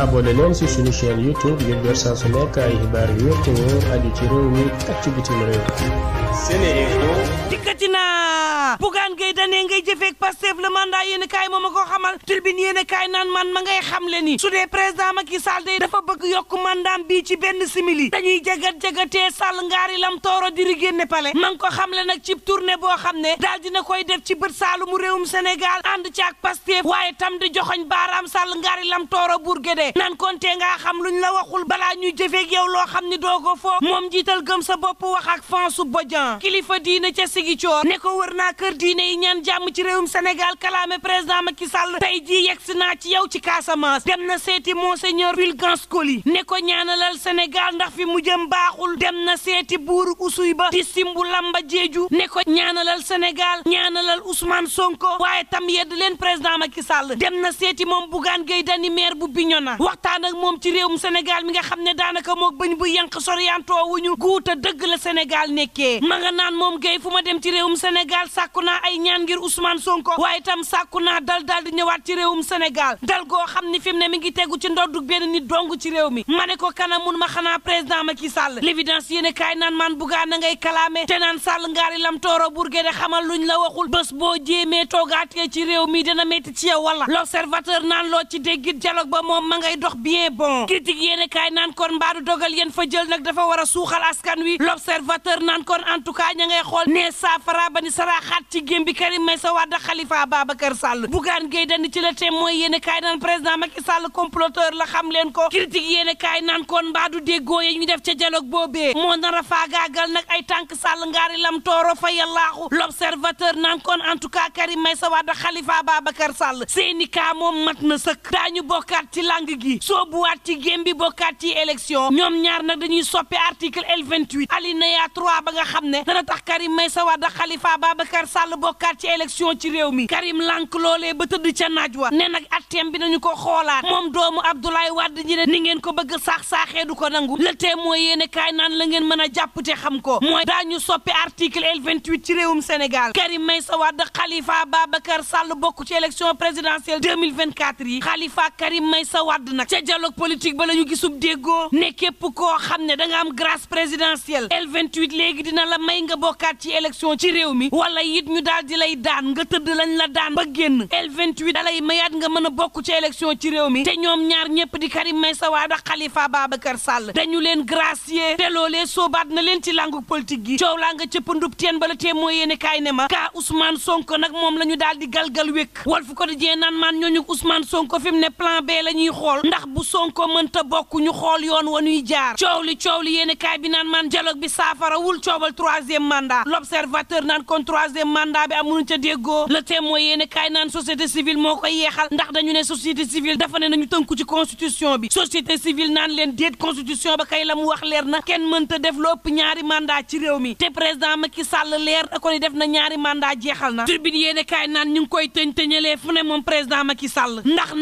abonné leen ci suñu chaîne YouTube ngir jot saa su nekk ay xibaar yu wér te wóor aju ci réew mi ak ci bitim réew. SeneInfo. dikkati naa Bougane Gueye Dany ngay jëfeek Pastef le mandat a kaay moom a ko xamal tribune yéen kaay naan man ma ngay xamle ni su dee président Macky Sall day dafa bëgg yokk mandaam bii ci benn simili dañuy jagat jagatee Sall ngaari lam tooro diri génne ko xamle nag ci tournée boo xam ne daal dina koy def ci bët saalumu réewum Sénégal ànd ci ak Pastef waaye tam de nan konte ngaa xam luñ la waxul balaa ñuy jëfeeg yow loo xam ni doo ko foo moom jiital gëm sa bopp wax ak Fansu Bodian kilifa diine ca Sigicoor ne ko wër naa kër diine yi ñaan jàmm ci réewum Sénégal kalaame président Macky Sall tey ji yegg si naa ci yow ci Casamance dem na seeti monseigneur Fulgence Coly ne ko ñaanalal senegal ndax fi mu jëm baaxul dem na seeti buuru usuy ba di simbu lamba jeeju ne ko ñaanalal senegal ñaanalal Ousmane Sonko waaye tam yedd leen président Macky Sall dem Ibrahima ak moom ci réewum Sénégal mi nga xam ne daanaka moo bañ bu yànq soriyantoo wuñu guuta dëgg la Sénégal nekkee ma nga naan moom gay fu ma dem ci réew réewum Sénégal sàkku na ay ñaan ngir Ousmane Sonko waaye itam sàkku naa dal dal di ñëwaat ci réewum Sénégal dal goo xam ni fi ne mi ngi tegu ci ndoddu benn nit dong ci réew mi ma ne ko kanam mun ma xanaa président Macky Sall l'évidence yéene kaay naan man bugaa na ngay kalaame te naan Sall ngaari lam tooro burge de xamal luñ la waxul bés boo jéemee toogaatee ci réew mi dina metti ci yow wala l'observateur loo ci déggit dialogue ba moom ngay dox bien bon critique yéen kaay naan kon mbaadu dogal yéen fa jël nag dafa war a suuxal askan wi l'observateur naan kon en tout cas ña ngay xool ne saafara ba ni saraaxaat ci gém bi Karim Meïssa Wade Khalifa Ababacar Sall sal Gueye Dany ci la témoin yéen kaay naan président Macky Sall comploteur la leen ko critique yéen kaay naan kon mbaadu déggoo yi ñu def ca dialogue boobee moo nar a nag ay tànk Sall ngaari lam tooro fa yallaaxu l'observateur naan kon en tout cas Karim Meïssa Wade Khalifa Ababacar Sall seeni kaa moom mat na sëkk daañu bokkaat ci lang dëgg gi soobuwaat ci gém bi bokkaat ci élection ñoom ñaar nag dañuy soppe article L28 alinéa 3 ba nga xam ne dana tax Karim Meïssa Wade Khalifa Babacar Sall bokkaat ci élection ci réew mi Karim a Karim Meïssa Wade Khalifa Babacar Sall bokk ci élection présidentielle yi Khalifa Karim Meïssa Wade Wade nag ca dialogue politique ba la ñu gisub déggoo ne képp ko xam ne da nga am grace présidentielle L28 léegi dina la may nga bokkaat ci élection ci réew mi wala it ñu daal di lay daan nga tëdd lañ la daan ba génn L28 dalay mayaat nga mën a bokk ci élection ci réew mi te ñoom ñaar ñëpp di Karim Meïssa Wade ak Khalifa Babacar Sall dañu leen gracier te loolee soobaat na leen ci langu politique gi coow laa nga cëppandub teen ba la tee moo yéene kaay ne ma kaa Ousmane Sonko nag moom la ñu daal di galgal wékk Walf Quotidien naan maan ñooñu Ousmane Sonko fi mu ne la ñuy xool xool ndax bu Sonko mënta bokk ñu xool yoon wa ñuy jaar coow li coow li yéen kaay bi naan man dialogue bi saafara wul coobal troisième mandat l'observateur naan kon troisième mandat bi amuñu ca déggoo le témoin yéen kaay naan société civile moo koy yeexal ndax dañu ne société civile dafa ne nañu tënku ci constitution bi société civile naan leen déet constitution ba kay la mu wax leer na kenn mënta def lu ëpp ñaari mandat ci réew mi te président Macky Sall leer ko ni def na ñaari mandat jeexal na tribune yéen kaay naan ñu ngi koy tëñ tëñalee fu moom président Macky Sall ndax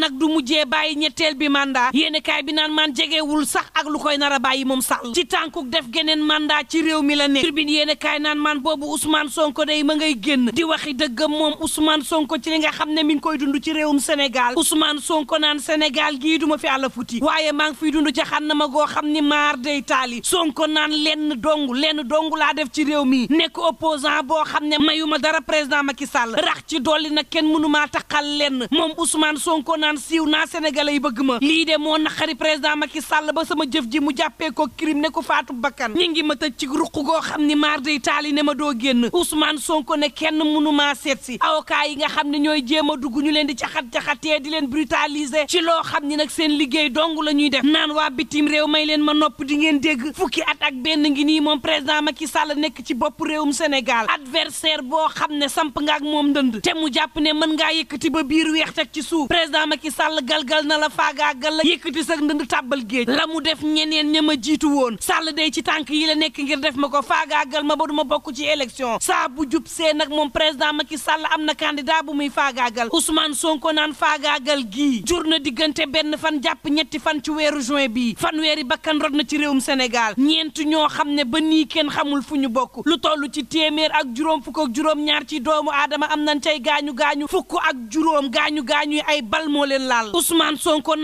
ubbi mandat yéeni kaay bi naan maan jegeewul sax ak lu koy nar bàyyi moom sàll ci tànkuk def geneen mandat ci réew mi la ne tribune yéeni kaay naan maan boobu Ousmane Sonko day ma ngay génn di waxi dëggam moom Ousmane Sonko ci li nga xam ne mi ngi koy dund ci réewum Sénégal Ousmane Sonko naan senegal gii duma fi àlla futi waaye maa ngi fiy dund jaxannama goo xam ni maar day taali Sonko naan lenn dong lenn dong laa def ci réew mi nekk opposant boo xam ne mayuma dara président Macky Sall rax ci dolli nag kenn mënumaa taqal lenn moom Ousmane Sonko naan siiw naa Sénégalais ma lii de moo naqari président Macky Sall ba sama jëf ji mu jàppee ko crime ne ko faatu bakkan ñu ngi ma tëj ci ruq goo xam ni maar day taali ne ma doo génn Ousmane Sonko ne kenn mënu maa seet si avocat yi nga xam ne ñooy jéem a dugg ñu leen di caxat-caxatee di leen brutaliser ci loo xam ni nag seen liggéey dong la ñuy def naan waa bitim réew may leen ma nopp di ngeen dégg fukki at ak benn ngi nii moom président Macky Sall nekk ci bopp réewum Sénégal adversaire boo xam ne samp nga ak moom ndënd te mu jàpp ne mën ngaa yëkkati ba biir weex teg ci suuf président Macky Sall galgal na la faagaagal la yëkkati sa ndënd tàbbal géej la mu def ñeneen ña ma jiitu woon sàll day ci tànk yi la nekk ngir def ma ko faagaagal ma ba du ma bokk ci élection saa bu jub see nag moom président Macky Sall am na candidat bu muy faagaagal Ousmane Sonko naan faagaagal gii jur na diggante benn fan jàpp ñetti fan ci weeru juin bii fanweeri bakkan rot na ci réewum senegal ñeent ñoo xam ne ba nii kenn xamul fu ñu bokk lu toll ci téeméer ak juróom fukk ak juróom ñaar doomu aadama am nañ cay gaañu gaañu fukk ak juróom gaañu gaañu ay bal leen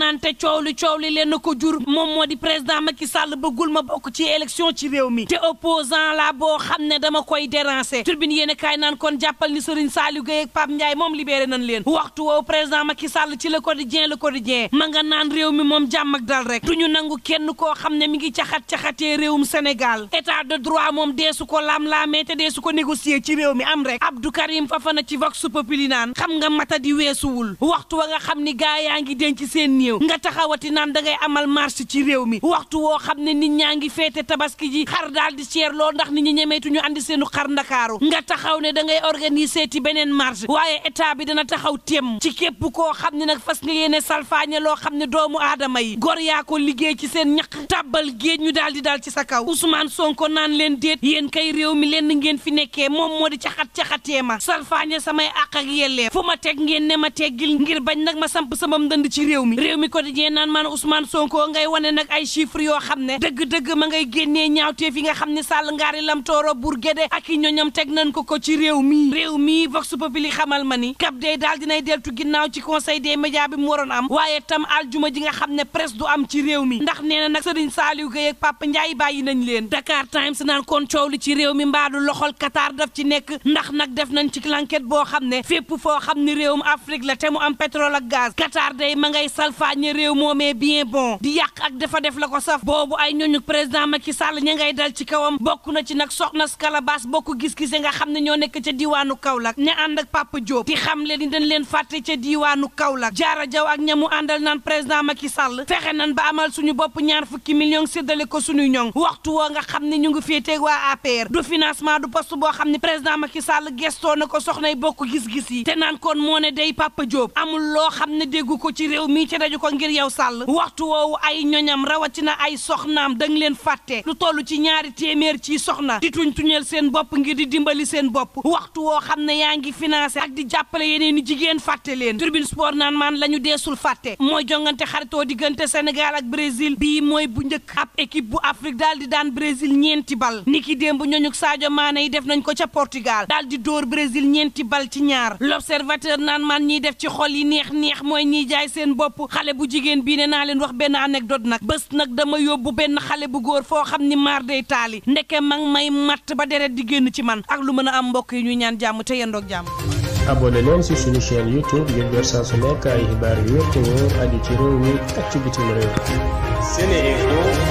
naan te coow li coow li leen na ko jur moom moo di président Macky Sall bëggul ma bokk ci élection ci réew mi te opposant la boo xam ne dama koy déranger turbine yéen a kaay naan kon jàppal ni Serigne Saliou Gueye ak Pape Ndiaye moom libéré nañ leen waxtu woowu président Macky ci le quotidien le quotidien ma nga naan réew mi moom jàmm ak dal rek duñu nangu kenn koo xam ne mi ngi caxat caxatee réewum Sénégal état de droit moom deesu ko laam-laamee te deesu ko négocier ci réew mi am rek Abdou Karim Fafana ci Vox Populi naan xam nga mata di weesuwul waxtu wa xam ni gaa yaa ngi denc seen ñëw nga taxawati naan da ngay amal marche ci réew mi waxtu woo xam ne nit ñaa ngi feete tabaski ji xar daal di seer lool ndax nit ñu ñemeetu ñu andi seenu xar ndakaaru nga taxaw ne da ngay organiser ti beneen marche waaye état bi dana taxaw temm ci képp koo xam ne nag fas nga yéene salfaañe loo xam ne doomu aadama yi gor yaa liggéey ci seen ñaq tàbbal géej ñu daal di daal ci sa kaw Ousmane Sonko naan leen déet yéen kay réew mi lenn ngeen fi nekkee moom moo di caxat caxatee ma salfaañe samay àq ak fu ma teg ngeen ne ma teggil ngir bañ nag ma samp samam dënd ci réew mi réew mi quotidien naan maan Ousmane Sonko ngay wane nag ay chiffres yoo xam ne dëgg-dëgg ma ngay génnee ñaawteef yi nga xam ne Sall ngaari lam tooro bur géde ak i ñoñam teg nañ ko ko ci réew mi réew mi vox li xamal ma ni kap day daal dinay deltu ginnaaw ci conseil des médias bi mu waroon am waaye tam aljuma ji nga xam ne presse du am ci réew mi ndax nee na nag Serigne Saliou Gueye ak Papa Ndiaye bàyyi nañ leen Dakar Times naan kon coow li ci réew mi mbaadu loxol Qatar daf ci nekk ndax nag def nañ ci l'enquête boo xam ne fépp foo xam ni réewum Afrique la te mu am pétrole ak campagne ne réew moomee bien bon di yàq ak dafa def la ko saf boobu ay ñooñu président Macky Sall ña ngay dal ci kawam bokk na ci nag soxna Scalabas bokk gis-gise nga xam ne ñoo nekk ca diiwaanu Kaolack ña ànd ak Papa Diop di xam leen ni dañ leen fàtte ca diiwaanu Kaolack jaara jaw ak ña àndal naan président Macky Sall fexe nan ba amal suñu bopp ñaar fukki million séddale ko suñu ñoŋ waxtu woo nga xam ne ñu ngi féetee waa APR financement du poste boo xam ne président Macky Sall gestoo na ko soxnay bokk gis-gis yi te naan kon moo ne day Papa Diop amul loo xam ne déggu ko ci réew mi ca rajo fàttali ko ngir yow sàll waxtu woowu ay ñoñam rawatina ay soxnaam da leen fàtte lu toll ci ñaari téeméer ci soxna di tuñ tuñeel seen bopp ngir di dimbali seen bopp waxtu woo xam ne yaa ngi financé ak di jàppale yeneen i jigéen fàtte leen tribune sport naan maan la ñu deesul fàtte mooy jongante xaritoo diggante Sénégal ak Brésil bii mooy bu njëkk ab équipe bu Afrique daal di daan Brésil ñeenti bal niki démb ñooñu Sadio maana yi def nañ ko ca Portugal daal di dóor Brésil ñeenti bal ci ñaar l'observateur naan maan ñiy def ci xol yi neex neex mooy ñiy jaay seen bopp xale bu jigéen bii ne naa leen wax benn anecdote nag bés nag dama yóbbu benn xale bu góor foo xam ni maar day taali ndeke mag may matt ba deret di génn ci man ak lu mën a am mbokk yi ñuy ñaan jàmm te yendoog jàmm abonné leen si suñu chaîne youtube ngir jot saa su nekk xibaar yu wér te wóor ci réew mi ak ci bitim réew